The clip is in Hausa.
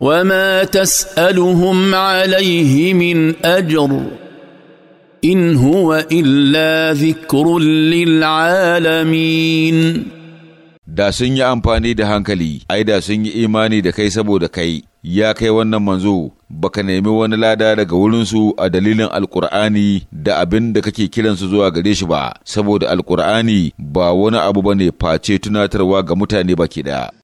وما تسالهم عليه من اجر ان هو الا ذكر للعالمين da sun yi amfani da hankali ai da sun yi imani da kai saboda kai ya kai wannan manzo baka nemi wani lada daga wurinsu a dalilin alkur'ani da abin da kake kiransu zuwa gare shi ba saboda alkur'ani ba wani abu bane face tunatarwa ga mutane baki ɗaya.